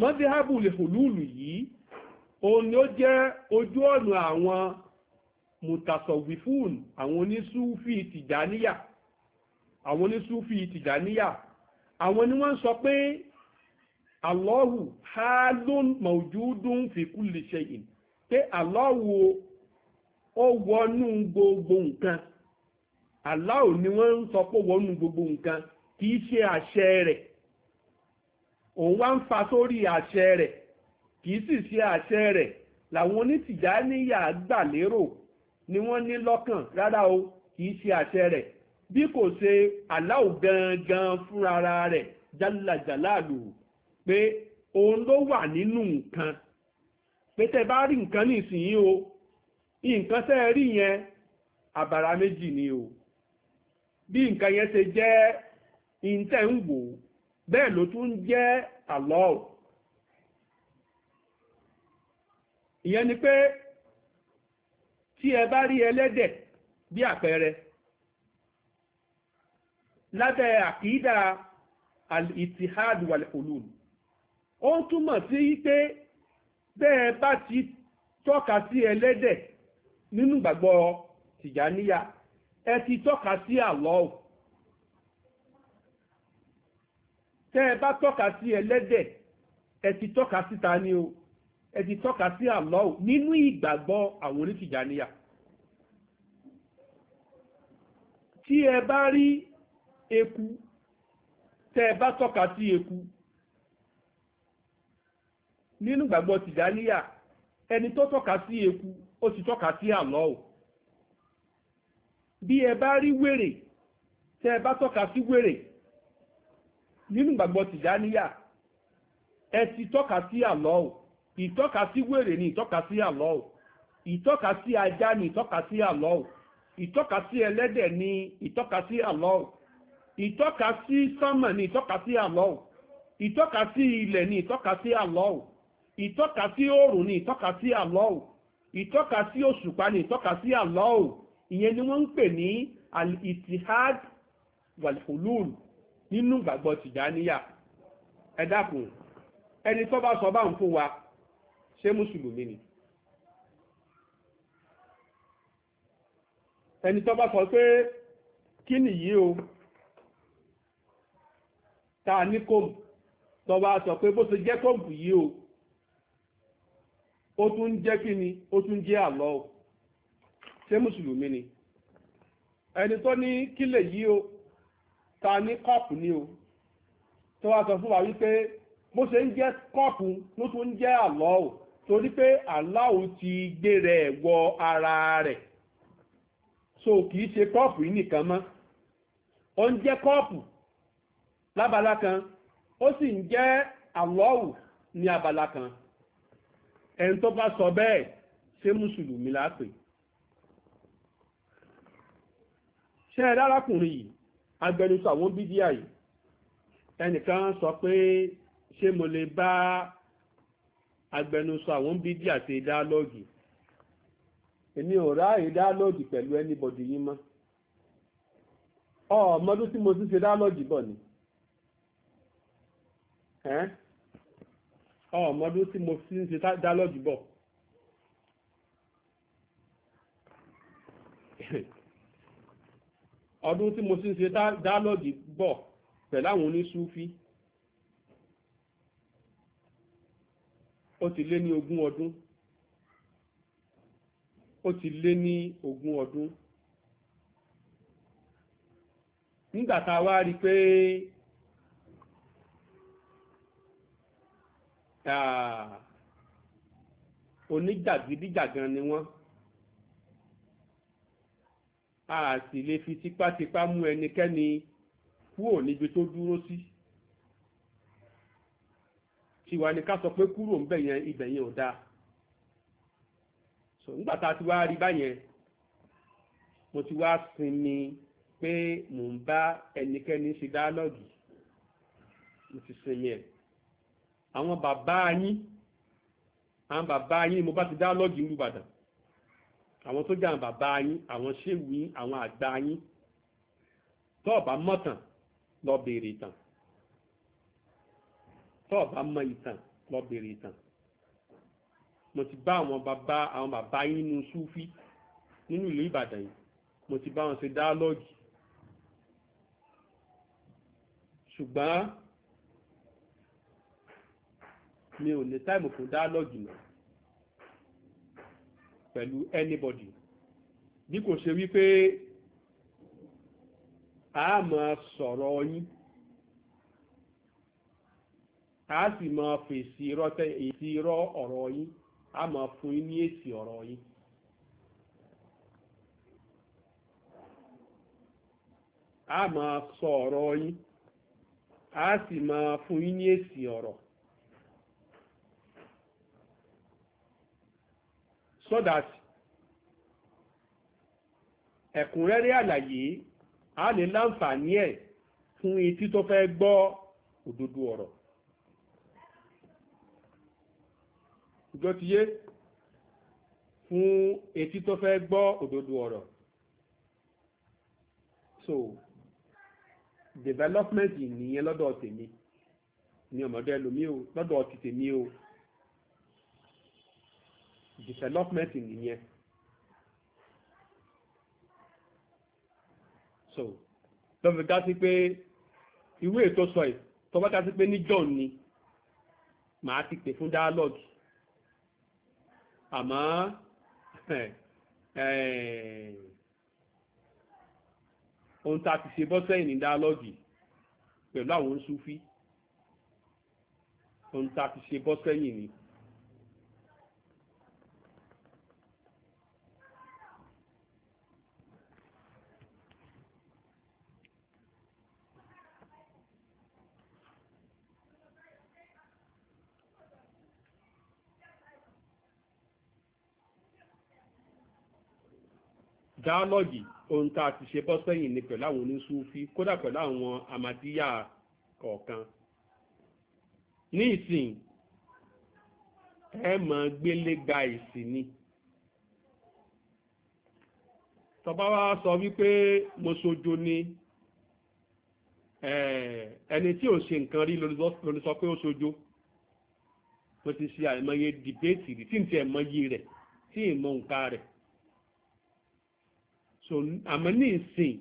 mọ́díhábù lè hùlùlù yìí òun ni ó jẹ́ ojú ọ̀nà àwọn mùtàsọ̀wìfún àwọn onísúfì tìjáníyà àwọn onísúfì tìjáníyà àwọn ni wọ́n sọ pé Allahu halun mawjudun fi kulli shay'in pé Allahu ó wọnú gbogbo nǹkan Allahu ni wọ́n ń sọ pé wọnú gbogbo nǹkan kì í ṣe àṣẹ rẹ̀ òun wá ń fa sórí àṣẹ rẹ̀ kìí sì ṣe àṣẹ rẹ̀ làwọn onítìjáníyà gbà lérò ni wọ́n ní lọ́kàn rárá o kìí ṣe àṣẹ rẹ̀ bí kò ṣe aláwò gangan fúnra rẹ̀ jálàjàláàlù pé òun ló wà nínú nǹkan pé tẹ́ bá rí nǹkan nísìnyí o nǹkan tẹ́ rí yẹn àbàrá méjì ni o bí nǹkan yẹn ṣe jẹ́ ìǹtẹ̀ ń wò ó bẹ́ẹ̀ ló tún jẹ́ Allah ìyẹn ni pé tí ẹ bá rí ẹlẹ́dẹ̀ bí àpẹẹrẹ lábẹ́ àkídà al-ittihad wal-hulul ó ń túmọ̀ sí pé bẹ́ẹ̀ bá ti tọ́ka sí ẹlẹ́dẹ̀ nínú ìgbàgbọ́ tìjàníyà ẹ ti tọ́ka sí Allah tẹ́ ẹ bá tọ́ka sí ẹlẹ́dẹ̀ ẹ ti tọ́ka síta ni o ẹ ti tọ́ka sí Allah nínú ìgbàgbọ́ àwọn onítìjàníyà tí ẹ bá rí eku tẹ́ ẹ bá tọ́ka sí eku nínú ìgbàgbọ́ tìjàníyà ẹni tó tọ́ka sí eku ó ti tọ́ka sí Allah bí ẹ bá rí wèrè tẹ́ ẹ bá tọ́ka sí wèrè nínú ìgbàgbọ́ tìjáníyà ẹ ti tọ́ka sí àlọ́ o ìtọ́ka sí wèrè ni ìtọ́ka sí àlọ́ o ìtọ́ka sí ajá ni ìtọ́ka sí àlọ́ o ìtọ́ka sí ẹlẹ́dẹ̀ ni ìtọ́ka sí àlọ́ o ìtọ́ka sí sánmọ̀ ni ìtọ́ka sí àlọ́ o ìtọ́ka sí ilẹ̀ ni ìtọ́ka sí àlọ́ o ìtọ́ka sí oòrùn ni ìtọ́ka sí àlọ́ o ìtọ́ka sí òṣùpá ni ìtọ́ka sí àlọ́ o ìyẹn ni wọ́n ń pè ní al-ittihad nínú ìgbàgbọ́ tìjáníyà ẹ dákun ẹni tó bá sọ bá ń fún wa ṣé mùsùlùmí ni ẹni tó bá sọ pé kí nìyí o ta ní kóòmù tó bá sọ pé bó ṣe jẹ́ kóòmù yìí o ó tún jẹ́ kí ni ó tún jẹ́ àlọ́ o mùsùlùmí ni ẹni tó ní kílẹ̀ yìí o ta ní kọ́ọ̀pù ni o tó wá sọ fún wa wípé bó ṣe ń jẹ́ kọ́ọ̀pù ló tún ń jẹ́ àlọ́ o torí pé àlọ́ ti gbé rẹ̀ wọ ara rẹ̀ so kì í ṣe kọ́ọ̀pù yìí nìkan mọ́ ó ń jẹ́ kọ́ọ̀pù lábala kan ó sì ń jẹ́ àlọ́wù ní abala kan ẹni tó bá sọ bẹ́ẹ̀ ṣé mùsùlùmí lápè ṣe ẹ dárákùnrin yìí agbẹnusọ àwọn bídíà yìí ẹnìkan sọ pé ṣé mo lè bá agbẹnusọ àwọn bídíà ṣe dáálọ́ọ̀gì èmi ò ráàyè dáálọ́ọ̀gì pẹ̀lú ẹnibọ̀dì yìí mọ́ ọmọdún tí mo ti ṣe dáálọ́ọ̀gì bọ̀ ni ọmọdún tí mo ti ṣe dáálọ́ọ̀gì bọ̀ ọdún tí mo sì ń ṣe dálọ́gì bọ̀ pẹ̀lú àwọn oníṣúfí ó ti lé ní ogún ọdún ó ti lé ní ogún ọdún nígbà tá a wá rí i pé oníjàgídíjàgan ni wọ́n a sì lè fi tipátipá mú ẹnikẹ́ni kúrò níbi tó dúró sí tiwa ni ká sọ pé kúrò ń bẹ̀ yẹn ibẹ̀ yẹn ò dáa so nígbà tá a ti wá rí báyẹn mo ti wá sinmi pé mò ń bá ẹnikẹ́ni ṣe dáálọ́gì mo ti sinmi ẹ̀ àwọn bàbá yín àwọn bàbá yín ni mo bá ti dáálọ́gì ń lùbàdàn àwọn tó jàǹbá bá yín àwọn ṣéwù yín àwọn àgbà yín tó ọ̀bá mọ̀tàn lọ bèèrè ìtàn tó ọ̀bá mọ ìtàn lọ bèèrè ìtàn mo ti bá àwọn bàbá àwọn bàbá yín nínú súfí nínú ìlú Ìbàdàn yìí mo ti bá wọn ṣe dáálọ́ọ̀gì ṣùgbọ́n mi ò ní táìmù fún dáálọ́ọ̀gì náà pẹ̀lú anybody bí kò ṣe wípé a máa sọ̀rọ̀ yín a sì máa fèsì irọ́ ọ̀rọ̀ yín a máa fún yín ní èsì ọ̀rọ̀ yín. a máa sọ ọ̀rọ̀ yín a sì máa fún yín ní èsì ọ̀rọ̀. so that ẹ̀kúnrẹ́rẹ́ àlàyé a lè láǹfààní ẹ̀ fún etí tó fẹ́ gbọ́ òdodo ọ̀rọ̀ ìjọ ti yé fún etí tó fẹ́ gbọ́ òdodo ọ̀rọ̀ so development nìyẹn lọ́dọ̀ tèmi ni ọmọdé lomi o lọ́dọ̀ ti tèmi o development here. so lọ́fi ká sí pé ìwé ètò sọ yìí tọ́ba ká sí pé ní john ni màá ti pè fún dialogue àmọ́ eh, ohun tá a ti ṣe bọ́sẹ̀yìn ní dialogue pẹ̀lú àwọn Sufi ohun tá a ti ṣe bọ́sẹ̀yìn ni. Dialogue, dáálọ́gì ohun tá a ti ṣe bọ́ sẹ́yìn ni pẹ̀lú àwọn oníṣúfí kódà pẹ̀lú àwọn amadíyà kọ̀ọ̀kan ní ìsìn ẹ máa gbélé ga ìsìn ni tọba wa sọ wípé mo sojo ni ẹni tí ò ṣe nǹkan rí lórí sọ pé ó sojo mo ti ṣe àìmọye dìbéètì rí tí n ti ẹ̀mọye rẹ̀ tí ìmọ̀ nǹka rẹ̀ so àmọ́ ní ìsìn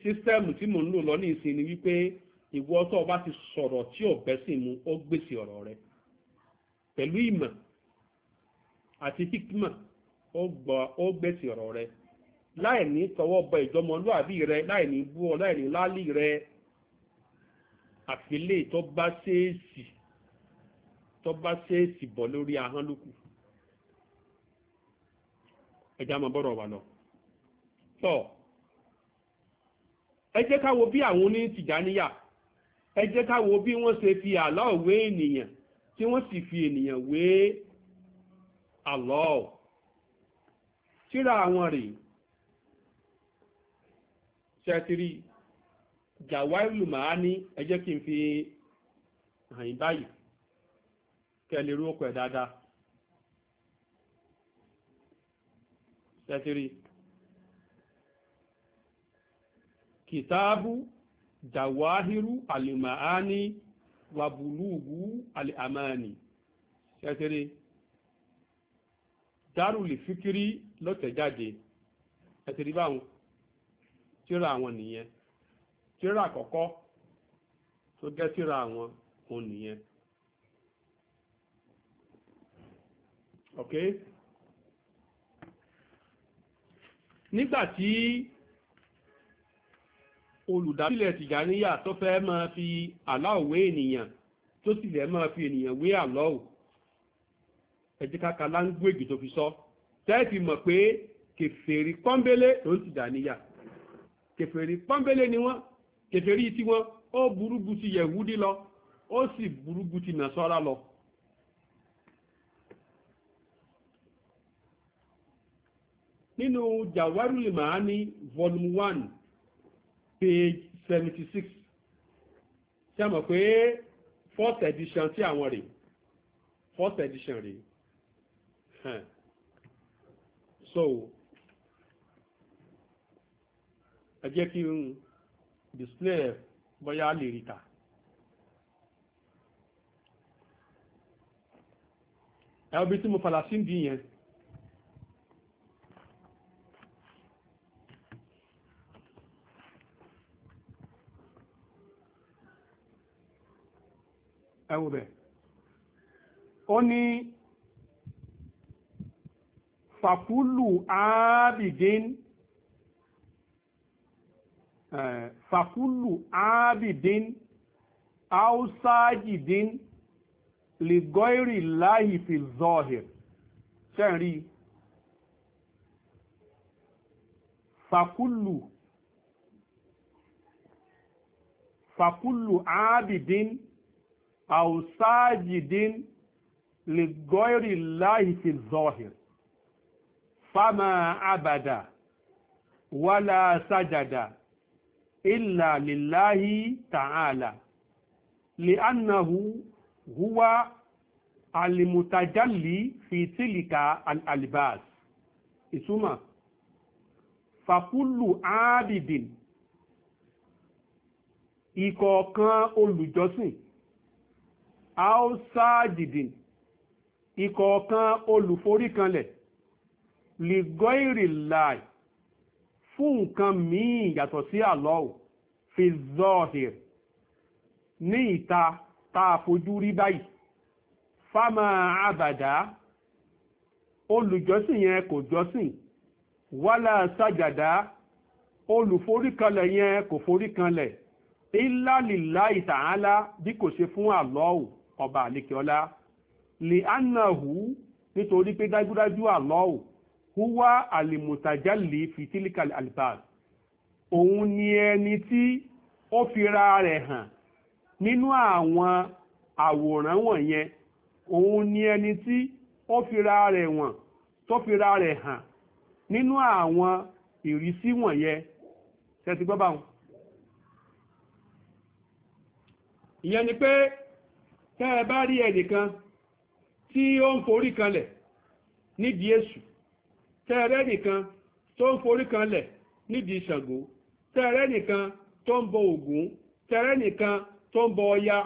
sísítẹ́ẹ̀mù tí mò ń lò lọ ní ìsìn ni wípé ìwọ tó o bá ti sọ̀rọ̀ tí ò bẹ́ sí mu ó gbèsè ọ̀rọ̀ rẹ pẹ̀lú ìmọ̀ àti hikma ó gbèsè ọ̀rọ̀ rẹ láì ní tọwọ́ bọ ìjọmọlúàbí rẹ láì ní bú ọ láì ní lálì rẹ àfilé tó bá ṣèèsì tó bá ṣèèsì bọ̀ lórí ahọ́n lókù. ẹjá ma bọ́rọ̀ wà lọ. tọ́ ẹ jẹ́ wo bí àwọn oní tìjáníyà ẹ wo bí wọ́n si fi àlọ́ wé ènìyàn tí wọ́n sì fi ènìyàn wé àlọ́ síra àwọn rèé ṣẹ́tìrì jàwáìlù màá ní ẹ kí n fi hàn báyìí tẹ́tìrí kìtàbù dàwáhírú àlìmáàní wàbùlùgù àlìmáàní tẹ́tìrí dárùlì fíkírí lọ́tẹ̀jáde tẹ́tìrí báwọn tíra àwọn nìyẹn tíra àkọ́kọ́ tó jẹ́ tíra àwọn òun nìyẹn okay nígbàtí olùdásílẹ̀ tìjàníyà tó fẹ́ máa fi aláwọ̀ wé ènìyàn tó sì lẹ́ máa fi ènìyàn wé aláwọ̀ ẹ̀jẹ̀ kàkà láńgbègì tó fi sọ tẹ́ẹ̀fì mọ̀ pé kèfèrí pọ́ńbélé ló ń tìjàníyà kèfèrí pọ́ńbélé ni wọ́n kèfèrí tiwọn ó burú bu ti yẹ̀wúdí lọ ó sì burú bu ti nàṣọ́ra lọ nínú jawarul maani volume one page seventy six ṣe mọ̀ pé fourth edition tí àwọn rè fourth edition rè so ẹ jẹ́ kí n display bóyá lè rí ta. ẹ obi tí mo fàlàsí ń di yẹn. ẹwù bẹ̀ ó ní fàkúlù ábìdín fàkúlù ábìdín áùsáàjìdín lìgọ́ìrì láì fi zọ́ọ̀hìr ṣẹ́rí fàkúlù fàkúlù ábìdín àwùsáàjìdín lè gọ́ìrì láì fi zọ́hìr fámà àbàdà wàlà sájàdà ìlà lìláhì tààlà lè annahu huwa alìmùtàjálì fi tílìkà alìbáàs ìtumà fàkúlù ábìdìn ìkọ̀ọ̀kan olùjọ́sìn aosajidin ìkọ̀ọ̀kan olùforíkanlẹ̀ ligoirilai fún nǹkan míì yàtọ̀ sí àlọ́ọ̀ fi zọ́ọ̀hìr ní ìta tá a fojú rí báyìí fámà àbàdá olùjọ́sìn yẹn kò jọ́sìn wálà sàjàdá olùforíkanlẹ̀ yẹn kò foríkanlẹ̀ ìlàlìlá ìtàhálà bí kò ṣe fún àlọ́ọ̀ ọba àlékeọlá lè ánàhù nítorí pé dájúdájú àlọ́ọ̀ húwá àlèmùtàjálè fìtílíkàlì àlìbàd òun ni ẹni tí ó fira rẹ̀ hàn nínú àwọn àwòrán wọ̀nyẹn òun ni ẹni tí ó fira rẹ̀ wọ̀n tó fira rẹ̀ hàn nínú àwọn ìrísí wọ̀nyẹn ṣe ti gbọ́ báwọn ìyẹn ni pé tẹ́ ẹ bá rí ẹnìkan tí ó ń forí kanlẹ̀ nídìí èṣù tẹ́ ẹ rẹ́nìkan tó ń forí kanlẹ̀ nídìí ṣàngó tẹ́ ẹ rẹ́nìkan tó ń bọ ògún tẹ́ ẹ rẹ́nìkan tó ń bọ ọya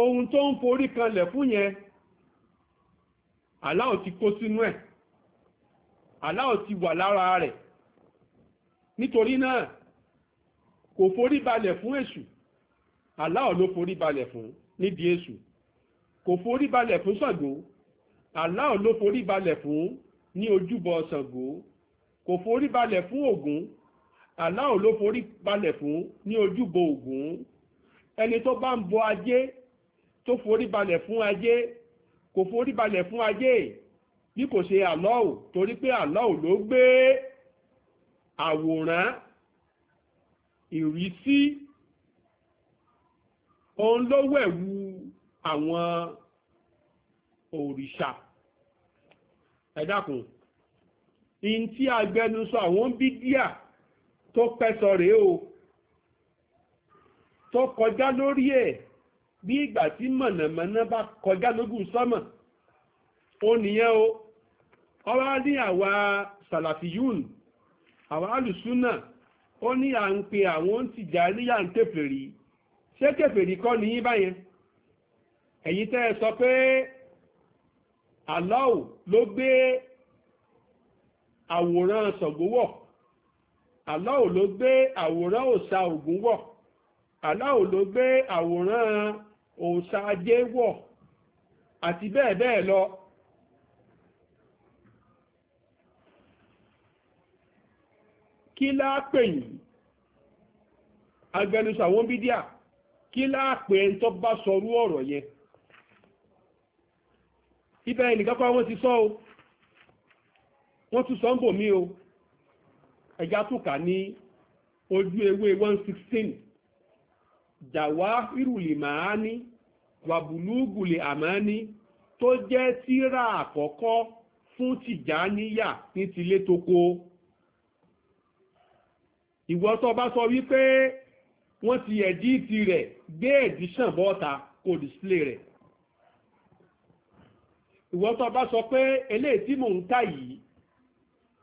ohun tó ń forí kanlẹ̀ fún yẹn aláò ti kó sínú ẹ̀ aláò ti wà lára rẹ̀ nítorí náà kò forí balẹ̀ fún èṣù aláò ló forí balẹ̀ fún un nídìí èṣù kò forí balẹ̀ fún Ṣàngó Allah ló forí balẹ̀ fún ní ojúbọ Ṣàngó kò forí balẹ̀ fún Ògún Allah ló forí balẹ̀ fún ní ojúbọ Ògún ẹni tó bá ń bọ ajé tó forí balẹ̀ fún ajé kò forí balẹ̀ fún ajé bí kò ṣe Allah torí pé Allah ló gbé àwòrán ìrísí òun ló wẹ̀wù àwọn òrìṣà ẹ dákun in tí agbẹnusọ àwọn bídíà tó pẹ́sọ rèé o tó kọjá lórí ẹ̀ bí ìgbà tí mọ̀nàmọ́ná bá kọjá lógún sọ́mọ̀ ó nìyẹn o ọwá ní àwa sàlàfíyún àwa alùsúnà ó ní à ń pe àwọn tìjà níyà ń tèfèrí ṣé kèfèrí kọ́ ní yín báyẹn ẹ̀yin tẹ́ ẹ sọ pé Allah ló gbé àwòrán Ṣàngó wọ̀ Allah ló gbé àwòrán òòṣà Ògún wọ̀ Allah ló gbé àwòrán òòṣà Ajé wọ̀ àti bẹ́ẹ̀ bẹ́ẹ̀ lọ. kí lápè yìí agbẹnusọ àwọn bídíà kí láàpẹ̀ ẹni tó bá sọrú ọ̀rọ̀ yẹn ibẹ̀ ẹnìkan kọ́ wọ́n ti sọ o wọ́n tún sọ ń bò mí o ẹja tún kà ní ojú ewé 116 dàwá ìrùlì màá ní wàbùlúgùlì àmọ́ ní tó jẹ́ tírà àkọ́kọ́ fún tìjàníyà ní tilé toko ìwọ tó bá sọ wípé wọ́n ti ẹ̀díìtì rẹ̀ gbé ẹ̀díṣàn bọ́ta kò display rẹ̀ ìwọ́tọ̀ bá sọ pé eléyìí tí mò ń ta yìí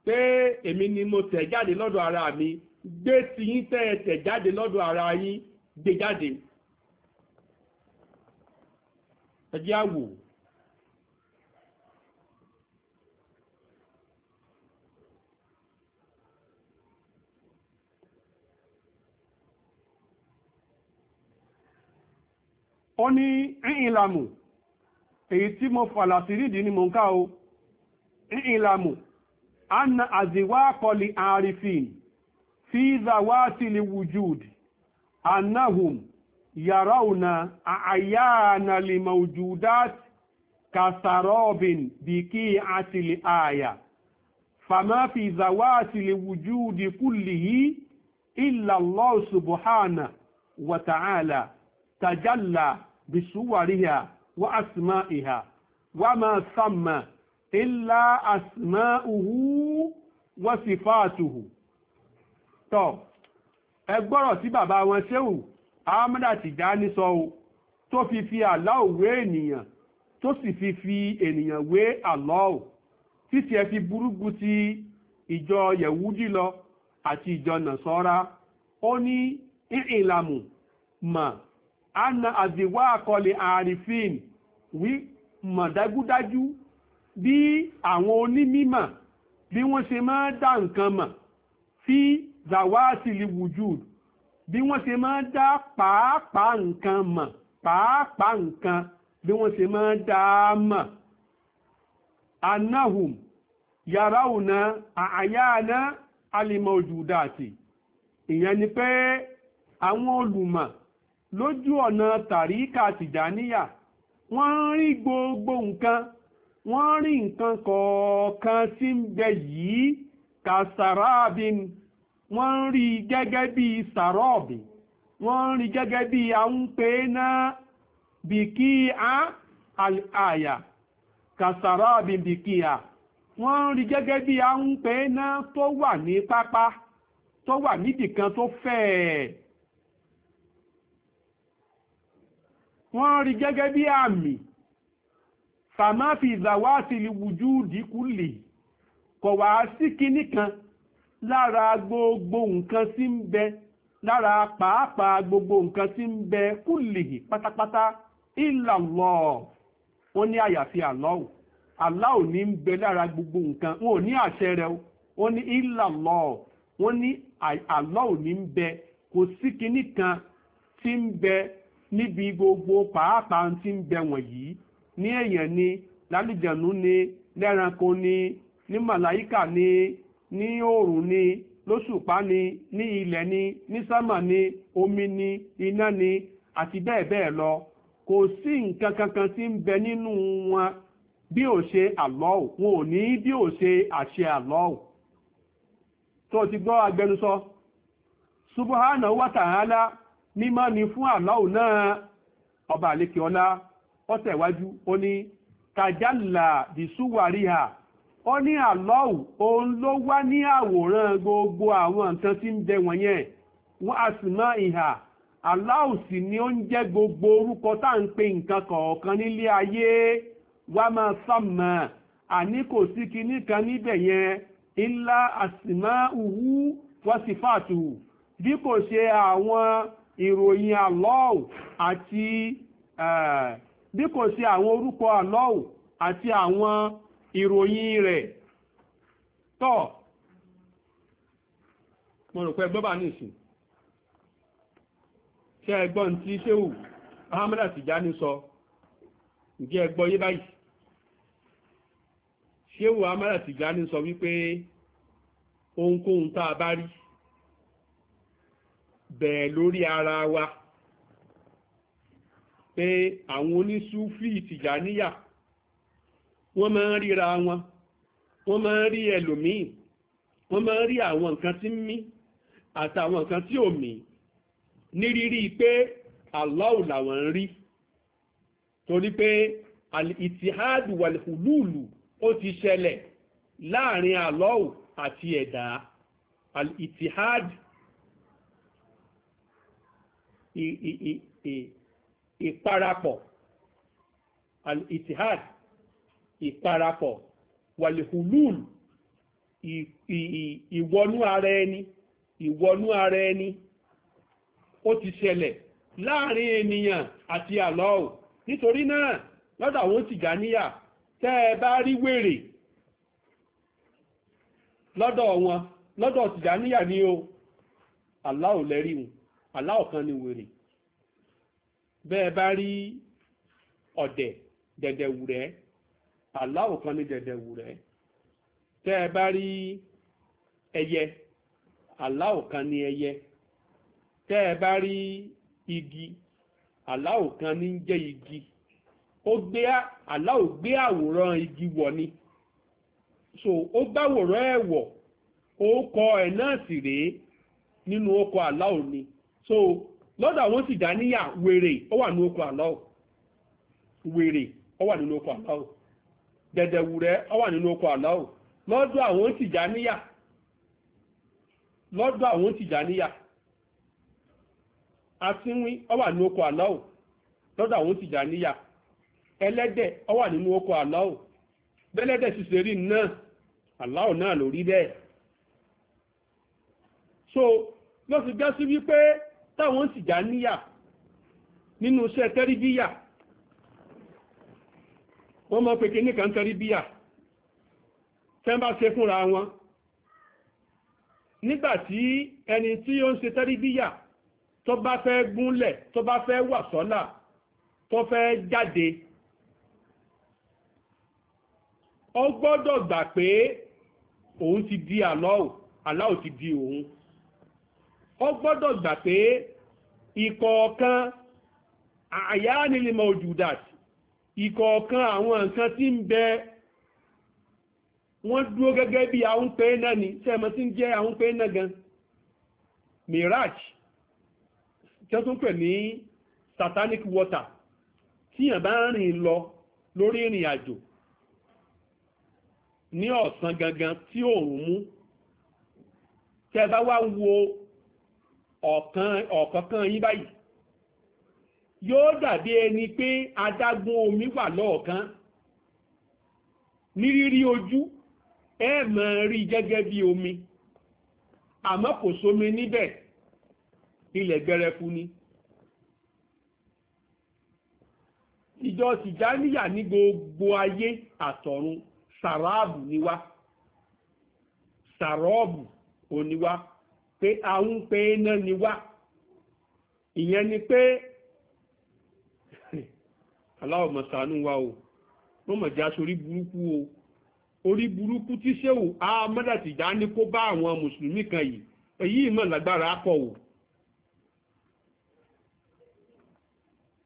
pé èmi ni mo tẹ̀ jáde lọ́dọ̀ ara mi gbé tiyín tẹ́ ẹ tẹ̀ jáde lọ́dọ̀ ara yín gbé jáde ẹ jẹ́ àwò ó ní ìhìnlàmù èyí tí mo fàlà sí rídìí ni mò ń ká o ìhìnlàmù anna àzíwákọlì àrífin fi zawátìlì wujud annahum yàráùnà àyáàna lè mawujudat kàsàrọ́bìn bìkí àtìlì àyà fàmá fi zawátìlì wujud kullihi illa Allah subhanahu wa ta'ala tajalla بصورها وأسمائها وما سمى إلا أسماؤه وصفاته طب ẹgbọ́rọ̀ tí bàbá wọn ṣéhù ahmadu Tijani sọ o tó fi fi Allah wé ènìyàn tó sì fi fi ènìyàn wé Allah títí ẹ fi burúkú ti ìjọ yẹ̀wúdí lọ àti ìjọ nàṣọ́ra ó ní ìhìnlámù mà Ana àdìwá àkọlẹ̀ àrífín wí mọ̀ dájúdájú bí àwọn onímímọ̀ bí wọ́n ṣe máa dá nǹkan mọ̀ fi zawatili wujud bí wọ́n ṣe máa dá pàápàá nǹkan mọ̀ pàápàá nǹkan bí wọ́n ṣe máa dá mọ̀ anahum yàrá òna àyáàná alimọ̀ òjùdá àti ìyẹn ni pé àwọn olùmọ̀ lójú ọ̀nà tàríkà tìjàníyà wọ́n rí gbogbo nǹkan wọ́n rí nǹkan kọ̀ọ̀kan tí ń bẹ yìí ka wọ́n rí gẹ́gẹ́ bí sàrọ́ọ̀bì wọ́n rí gẹ́gẹ́ bí à ń pè náà á àyà ka sàráàbìn bìkí à wọ́n rí gẹ́gẹ́ bí à náà tó wà ní pápá tó wà nídìí kan tó fẹ́ẹ̀. wọ́n rí gẹ́gẹ́ bí àmì fàmáfi ìzàwátìlì wùjúùdì kúlì kò wá sí kinní kan lára gbogbo nǹkan tí ń bẹ lára pàápàá gbogbo nǹkan tí ń bẹ kúlì pátápátá ìlàlọ́ wọ́n ní àyàfi àlọ́ù àláù ní ń bẹ lára gbogbo nǹkan wọn ò ní àṣẹ rẹ wọ́n ní ìlàlọ́ wọ́n ní àlọ́ù ní ń bẹ kò sí kinní kan tí ń bẹ níbi gbogbo pàápàá tí ń bẹ wọ̀nyí ní èèyàn ni lálùjẹ̀nú ni lẹ́ranko ni ní màláíkà ni ní òòrùn ni lóṣùpá ni ní ilẹ̀ ni ní sámà ni omi ni iná ni àti bẹ́ẹ̀ bẹ́ẹ̀ lọ kò sí nǹkan kankan tí ń bẹ nínú wọn bí ò ṣe àlọ́ọ̀ wọn ò ní bí ò ṣe àṣẹ àlọ́ọ̀ tó ti gbọ́ agbẹnusọ subhanahu wa ta'ala mímọ́ ni fún àlọ́ò náà ọba àlékè ọlá ọ̀sẹ̀ iwájú ó ní tajálà bìsúwàríhà ó ní àlọ́ò òun ló wá ní àwòrán gbogbo àwọn nǹkan tí ń bẹ wọ̀nyẹn wọ́n á sì mọ́ ìhà àlọ́ò sì ni ó ń jẹ́ gbogbo orúkọ tá à ń pe nǹkan kọ̀ọ̀kan nílé ayé wá máa sọ̀mọ̀ àní kò sí kinní kan níbẹ̀ yẹn illa àsìmá uhu wọ́sífàtù bí kò ṣe àwọn ìròyìn àlọ́ọ̀ àti eh, bí kò sí àwọn orúkọ àlọ́ọ̀ àti àwọn ìròyìn rẹ̀ tọ́ mo rò pé gbọ́bà ní ìsìn ṣé ẹgbọ́n tí ṣéwù Ahmad Tijani sọ ǹjẹ́ ẹ gbọ́ yé báyìí ṣéwù Ahmad Tijani sọ wípé ohunkóhun tá a bá rí bẹ̀ẹ̀ lórí ara wa pé àwọn onísúfì tìjàníyà wọ́n máa ń ríra wọn wọ́n máa ń rí ẹlòmíì wọ́n máa ń rí àwọn nǹkan tí ń mí àtàwọn nǹkan tí ò mí nírírí pé Allahu làwọn ń rí torí pé al-ittihadu ó ti ṣẹlẹ̀ láàrin Allahu àti ẹ̀dá al ìparapọ̀ al-ittihad ìparapọ̀ wàlìhùlùl ìwọnú ara ẹni ìwọnú ara ẹni ó ti ṣẹlẹ̀ láàrin ènìyàn àti àlọ́ọ̀ nítorí náà lọ́dọ̀ àwọn Tìjàníyà tẹ́ ẹ bá rí wèrè lọ́dọ̀ wọn lọ́dọ̀ Tìjàníyà ni o Allah lẹ́rí aláọ̀kan ni wèrè bẹ́ẹ̀ bá rí ọ̀dẹ̀ dẹ̀dẹ̀wùrẹ́ aláọ̀kan ni dẹ̀dẹ̀wùrẹ́ rẹ̀ ẹ bá rí ẹyẹ aláọ̀kan ni ẹyẹ tẹ́ ẹ bá rí igi aláọ̀kan ni ń jẹ́ igi ó gbé aláò gbé àwòrán igi wọ̀ ni so ó gbáwòrán ẹ̀ wọ̀ ó kọ ẹ̀ náà sì rèé nínú ó kọ aláò ni. so lọ́dọ̀ àwọn sì dá níyà wèrè ó wà ní okùn àlọ́ wèrè ó wà nínú okùn àlọ́ dẹ̀dẹ̀wùrẹ́ ó wà nínú okùn àlọ́ lọ́dọ̀ àwọn sì dá níyà lọ́dọ̀ àwọn sì dá níyà ó wà nínú okùn àlọ́ lọ́dọ̀ àwọn sì dá ẹlẹ́dẹ̀ so táwọn sì já níyà nínú iṣẹ́ tẹ́ríbíyà wọ́n mọ̀ pé kìíní kan tẹ́ríbíyà tẹ́ bá ṣe fúnra wọn nígbàtí ẹni tí ó ń ṣe tẹ́ríbíyà tó bá fẹ́ gúnlẹ̀ tó bá fẹ́ wà sọ́là tó fẹ́ jáde ó gbọ́dọ̀ gbà pé òun ti di àlọ́ àlá ò ti di òun ó gbọ́dọ̀ gbà pé ìkọ̀ọ̀kan àyánilìmọ̀ òjùdàt ìkọ̀ọ̀kan àwọn nǹkan tí ń bẹ wọ́n dúró gẹ́gẹ́ bí àwọn pé náà ni sẹ́mọ̀ tí ń jẹ́ àwọn pé náà gan mirage tí wọ́n tún pè ní satanic water tí yàn bá rìn lọ lórí ìrìn àjò ní ọ̀sán gangan tí òòrùn mú tẹ́ bá wá wo ọ̀kọ̀ọ̀kan yín báyìí yóò dàbí ẹni pé adágún omi wà lọ́ọ̀kan ní rírí ojú ẹ máa rí jẹ́gẹ́ bí omi àmọ́ kò sómi níbẹ̀ ilẹ̀ gbẹrẹfu ni ìjọ tìjáníyà ní gbogbo ayé àtọ̀run sàráàbù ni wá oníwá pé àwọn pé iná ni wá ìyẹn ni pé aláwọ̀ mọ̀sánú wa o wọ́n mọ̀ já sórí burúkú o orí burúkú tí sẹ́wò Ahmad Tijani kó bá àwọn mùsùlùmí kan yìí èyí mọ̀ lágbára pọ̀ o.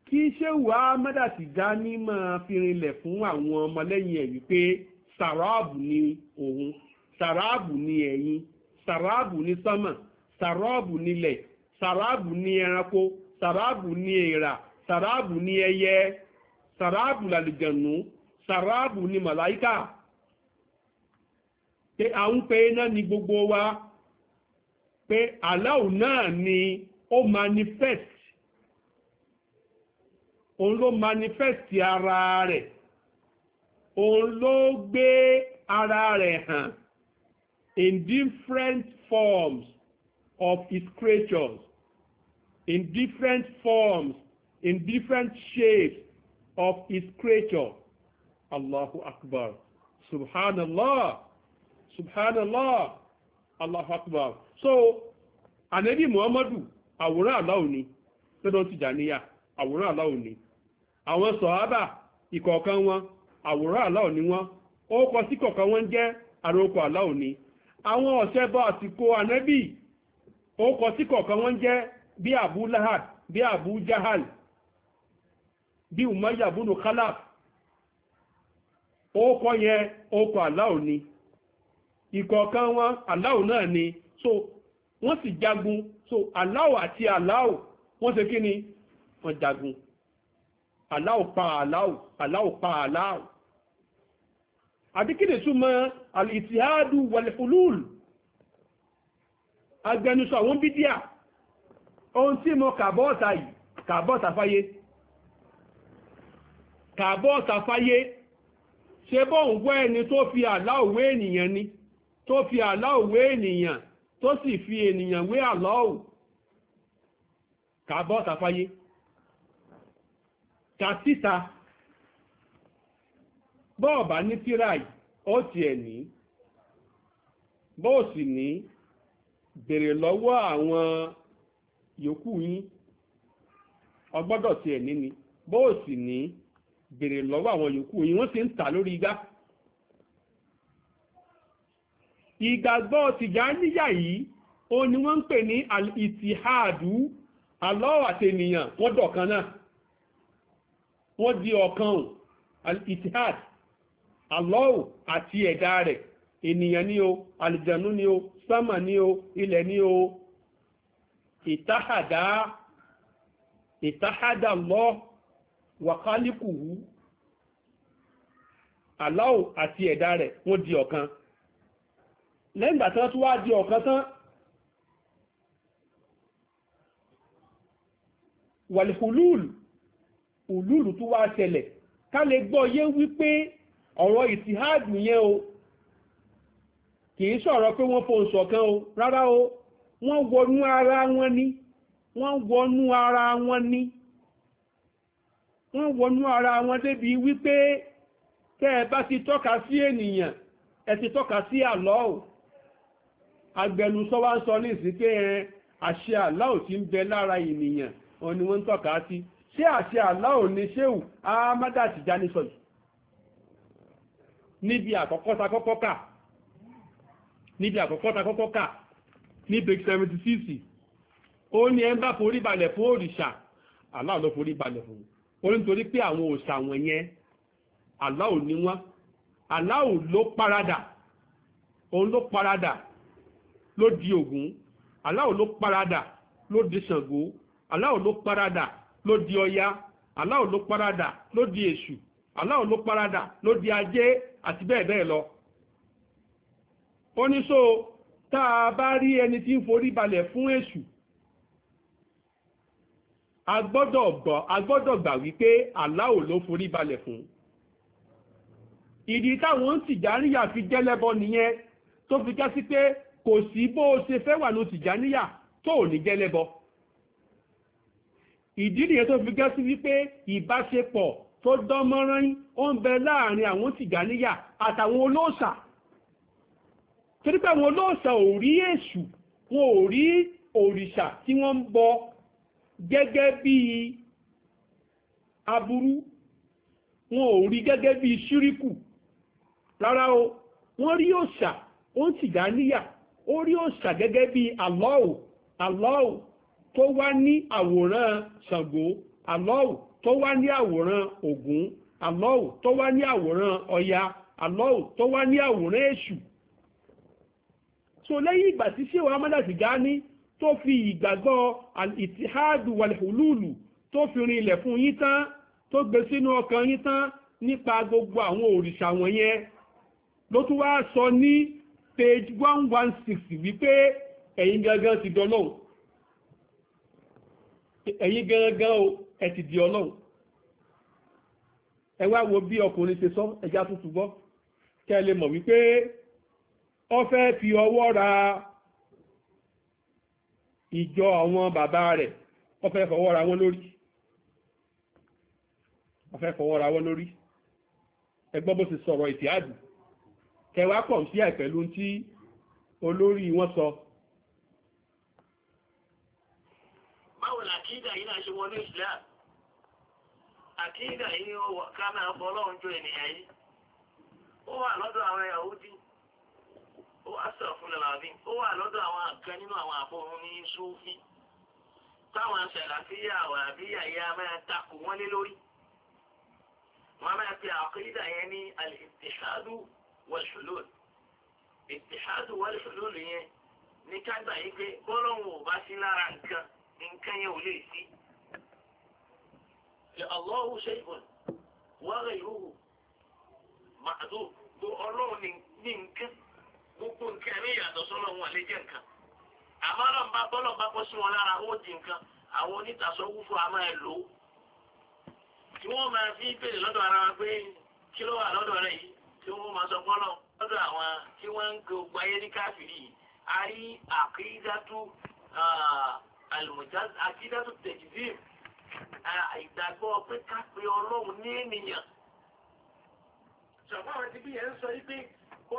kí sẹ́wò Ahmad Tijani máa fi rinlẹ̀ fún àwọn ọmọlẹ́yìn ẹ̀ wípé sàráàbù ni òun sàráàbù ni ẹ̀yin sàráàbù ní sánmà sàráàbù nílẹ̀ sàráàbù ní ẹranko sàráàbù ní èèrà sàráàbù ní ẹyẹ sàráàbù làlùjẹ̀nù sàráàbù ní màláíkà pé à ń pe iná ní gbogbo wa pé aláwù náà ni ó manifest òun ló manifest ara rẹ̀ òun ló gbé ara rẹ̀ hàn in different forms of his creatures, in different forms, in different shapes of his creature. Allahu Akbar. Subhanallah. Subhanallah. Allahu Akbar. So, anabi Muhammadu, àwòrán Allah ni, lọ́dọ̀ Tìjàníyà, àwòrán Allah ni. Àwọn sọ̀hábà, ìkọ̀ọ̀kan wọn, àwòrán Allah ni wọn. Ó kọ sí kọ̀ọ̀kan wọn jẹ́ àròkọ Allah àwọn ọ̀ṣẹbọ àsìkò ànẹ́bì orúkọ tí kọ̀ọ̀kan wọ́n jẹ́ bí abu lahad bí abu jahal bí umayya bunu khalaf kọ yẹ orúkọ aláwò ni ìkọ̀ọ̀kan wọn aláwò náà ni so wọ́n sì jagun so aláwò àti aláwò wọ́n se kí ni wọ́n jagun aláwò pa aláwò aláwò pa aláwò àbí kí ni túmọ̀ al-ittihadu wal-hulul agbẹnusọ àwọn bídíà ohun tí mo kàbọ́ọ̀ta yìí kàbọ́ọ̀ta fáyé kàbọ́ọ̀ta fáyé ṣe bọ́ọ̀ ń gbọ́ ẹni tó fi àlá òwe ènìyàn ni tó fi àlá òwe ènìyàn tó sì fi ènìyàn wé àlá òwe kàbọ́ọ̀ta fáyé kà síta bọ́ọ̀bá ní tíráì ó tiẹ̀ ní bọ́ọ̀sì ní bèrè lọ́wọ́ àwọn yòókù yín ọgbọ́dọ̀ tiẹ̀ ní ni bọ́ọ̀sì ní bèrè lọ́wọ́ àwọn yòókù yín wọ́n ti ń tà lórí igbá ìgbàgbọ́ tìjàníyà yìí ó ní wọ́n ń pè ní ìtìhádù alọ́wọ̀ wọ́n dọ̀kan náà wọ́n di ọ̀kan ìtìhádù Allahu àti ẹ̀dá rẹ̀ ènìyàn ni o àlìjànú ni o sámà ni o ilẹ̀ ni o ìtàhàdá ìtàhàdá Allah wàkálíkùhù Allahu àti ẹ̀dá rẹ̀ wọ́n di ọ̀kan lẹ́yìn ìgbà tí wọ́n tún wá di ọ̀kan tán wàlìkùlùlù ùlùlù tún wá ṣẹlẹ̀ ká lè gbọ́ yé wípé ọ̀rọ̀ ìtìhádì yẹn o kìí sọ̀rọ̀ pé wọ́n ń ṣọ̀kan o rárá o wọ́n wọnú ara wọn ní wọ́n ara wọn ni débi wípé tẹ́ ẹ bá ti tọ́ka sí ènìyàn ẹ ti tọ́ka sí àlọ́ o agbẹnusọ ń sọ ní àṣẹ ò ti ń ni wọ́n ń tọ́ka sí ṣé àṣẹ níbi àkọ́kọ́ ta kọ́kọ́ kà níbi àkọ́kọ́ ta kọ́kọ́ kà ní page seventy six ó ní ẹ forí balẹ̀ fún òrìṣà Allah ló forí balẹ̀ fún ó ní torí pé àwọn òòṣà wọ̀nyẹn Allah ò ní wọ́n Allah ò ló paradà òun ló paradà ló di Ògún Allah ò ló paradà ló di Ṣàngó Allah ò ló paradà ló di Ọya Allah ò ló paradà ló di Èṣù aláwọ̀ ló parada, ló di ajé àti bẹ́ẹ̀ bẹ́ẹ̀ lọ ó ní so tá a bá rí ẹni tí ń forí balẹ̀ fún èṣù a gbọ́dọ̀ gbà wípé aláwọ̀ ló forí balẹ̀ fún ìdí táwọn tìjáníyà fi jẹ́lẹ́bọ nìyẹn tó fi já sí pé kò sí bó o ṣe fẹ́ wà ní tìjáníyà tó ò ní jẹ́lẹ́bọ ìdí nìyẹn tó fi já sí wípé ìbáṣepọ̀ tó dánmọ́rán ó ń bẹ láàrin àwọn tìjàníyà àtàwọn olóòṣà torí pé àwọn olóòṣà ò rí èṣù wọn ò rí òrìṣà tí wọ́n ń bọ gẹ́gẹ́ bí aburú wọn ò rí gẹ́gẹ́ bí ṣíríkù rárá o wọ́n rí òòṣà ó ń tìjàníyà ó rí òòṣà gẹ́gẹ́ bí Allahu Allahu tó wá ní àwòrán Ṣàngó Allahu tó wá ní àwòrán Ògún Alọ́ọ̀ tó wá ní àwòrán Ọya Alọ́ọ̀ tó wá ní àwòrán Èṣù so lẹ́yìn ìgbà tí ṣéwà Ahmad Tijani tó fi ìgbàgbọ́ al-ittihadu wal-hululu tó fi rin ilẹ̀ fún yín tán tó gbé sínú ọkàn yín tán nípa gbogbo àwọn òrìṣà wọ̀nyẹn ló tún wá sọ ní page 116 wípé ẹ̀yin gangan ti dọ́lọ́hùn ẹ̀yin gangan o ẹ ti di ọlọ́run ẹ wá wo bí ọkùnrin ṣe sọ ẹja tuntun gbọ́ kẹ́ ẹ lè mọ̀ wípé ó fẹ́ fi ọwọ́ ra ìjọ àwọn bàbá rẹ̀ ó fẹ́ fọwọ́ ra wọn lórí ó fẹ́ fọwọ́ ra wọn lórí ẹ gbọ́ bó ṣe sọ̀rọ̀ ìtìádì kẹwàá pọ̀ sí ẹ̀ pẹ̀lú tí olórí wọn sọ báwo làkídà yìí náà ṣe wọnú ìsìlámù àkídà yìí ó wà ká máa bọ́ lọ́run ju ènìyàn yìí ó wà lọ́dọ̀ àwọn Yahudi ó wà sọ̀rọ̀ fún lẹ́làbí ó wà lọ́dọ̀ àwọn àkan nínú àwọn àfọ̀hún ní Súfì táwọn Sàláfíyà Wàhábíyà yá máa takò wọ́n lé lórí wọ́n máa pe àkídà yẹn ní al-ittihadu wal-hulul ittihadu wal hulul ittihadu yẹn ní kágbà yìí pé bọ́lọ́run ò bá sí lára nǹkan nǹkan yẹn ò lè sí. Allahu shay'un wa ghayruhu ma'dud الله ọlọ́run ní nǹkan gbogbo nǹkan ní ìyàtọ̀ sọ́nà wọn lè jẹ́ nǹkan àmọ́ lọ́nba bọ́lọ̀ bá bọ́ sí wọn lára wọn ò di nǹkan àwọn onítàsọ́ wúfọ́ a máa lò ó tí wọ́n máa fi béèrè lọ́dọ̀ ara wọn pé kí ló wà lọ́dọ̀ rẹ̀ yìí tí wọ́n máa sọ bọ́lọ̀ lọ́dọ̀ àwọn tí wọ́n ń gbogbo ayé ní káfíìrì yìí a rí àkídátú àlùmọ̀já àkídátú tẹ̀jìdìmù ìgbàgbọ́ pé ká pe ọlọ́run ní ènìyàn. ṣọ̀pọ̀ àwọn ti bí yẹn ń sọ yí pé ò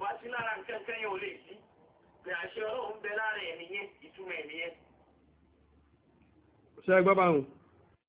bá sí lára nǹkan yẹn ò lè sí pé àṣẹ ọlọ́run bẹ lára ẹ̀